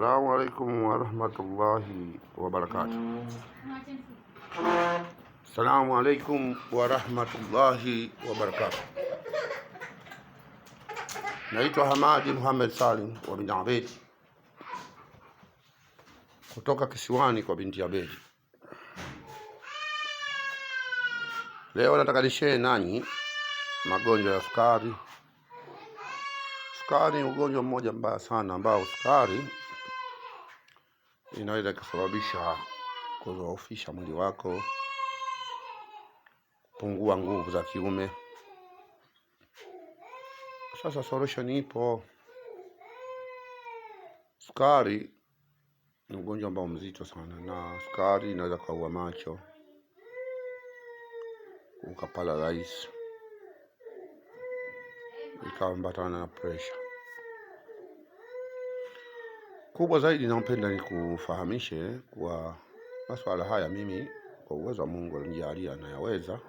Assalamu alaikum warahmatullahi barakatuh. Assalamu alaikum warahmatullahi barakatuh. Naitwa Hamadi Muhammad Salim wa bin Abedi kutoka kisiwani kwa binti Abedi. Leo nataka nishare nanyi magonjwa ya sukari. Sukari ni ugonjwa mmoja mbaya sana ambao sukari inaweza ikasababisha kudhoofisha mwili wako, kupungua nguvu za kiume. Sasa solution ipo. Sukari ni ugonjwa ambao mzito sana, na sukari inaweza kaua macho, ukapala rahisi, ikaambatana na pressure kubwa zaidi, napenda nikufahamishe kwa masuala haya mimi kwa uwezo wa Mungu alinijalia nayaweza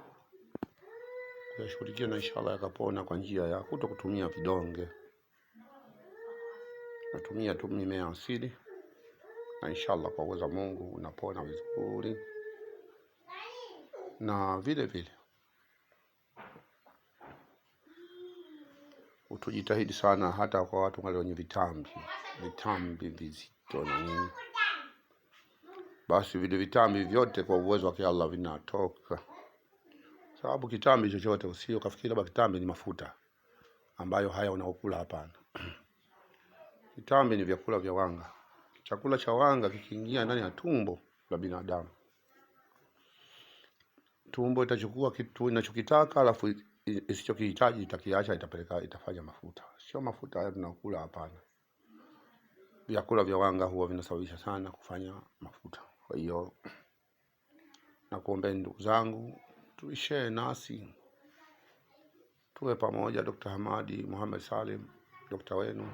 kuyashughulikia, na inshallah yakapona kwa njia ya kuto kutumia vidonge. Natumia tu mimea asili, na inshallah kwa uwezo wa Mungu unapona vizuri na vile vile tujitahidi sana, hata kwa watu wale wenye vitambi vitambi vizito na nini, basi vile vitambi vyote kwa uwezo wake Allah vinatoka, sababu kitambi chochote usio kafikiri labda kitambi ni mafuta ambayo haya unaokula, hapana. Kitambi ni vyakula vya wanga. Chakula cha wanga kikiingia ndani ya tumbo la binadamu, tumbo itachukua kitu inachokitaka alafu isichokihitaji itakiacha, itapeleka itafanya mafuta. Sio mafuta haya tunakula, hapana. Vyakula vya wanga huwa vinasababisha sana kufanya mafuta. Kwa hiyo nakuombeni ndugu zangu, tuishee nasi, tuwe pamoja. Dr. Hamadi Muhammad Salim, dokta wenu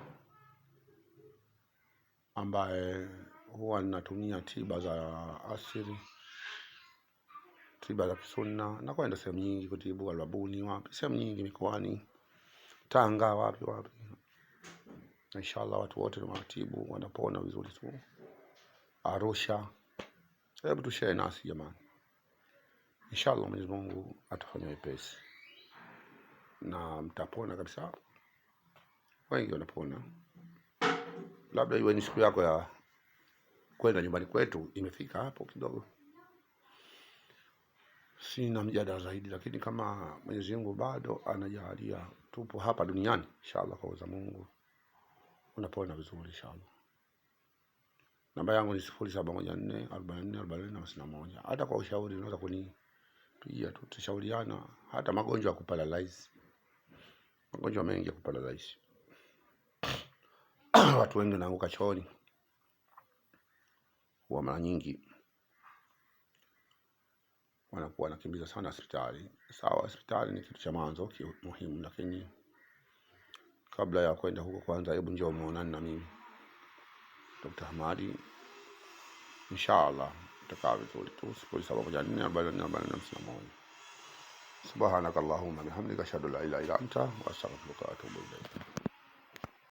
ambaye huwa ninatumia tiba za asili tiba za kisunna, nakwenda sehemu nyingi kutibu, Albabuni wapi, sehemu nyingi mikoani, Tanga wapi wapi. Inshallah watu wote tunawatibu wanapona vizuri tu. Arusha, hebu tushare nasi jamani. Inshallah Mwenyezi Mungu atafanya wepesi na mtapona kabisa, wengi wanapona. Labda iwe ni siku yako ya kwenda nyumbani kwetu, imefika hapo kidogo sina mjadala zaidi, lakini kama Mwenyezi Mungu bado anajalia tupo hapa duniani, inshallah kwa uwezo Mungu unapona vizuri inshallah. Namba yangu ni sifuri saba moja nne arobaini nne arobaini hamsini na moja. Hata kwa ushauri unaweza kunipigia tu, tushauriana hata magonjwa ya kuparalyze, magonjwa mengi ya kuparalyze watu wengi wanaanguka chooni huwa mara nyingi wanakuwa wanakimbiza sana hospitali. Sawa, hospitali ni kitu cha mwanzo muhimu, lakini kabla ya kwenda huko, kwanza hebu njoo muonane na mimi Dr. Hamadi, inshallah itakaa vizuri tu. sifuri saba moja nne arobaini na nne arobaini na hamsini na moja. Subhanakallahumma bihamdika ashhadu an la ilaha illa anta astaghfiruka wa atubu ilaik.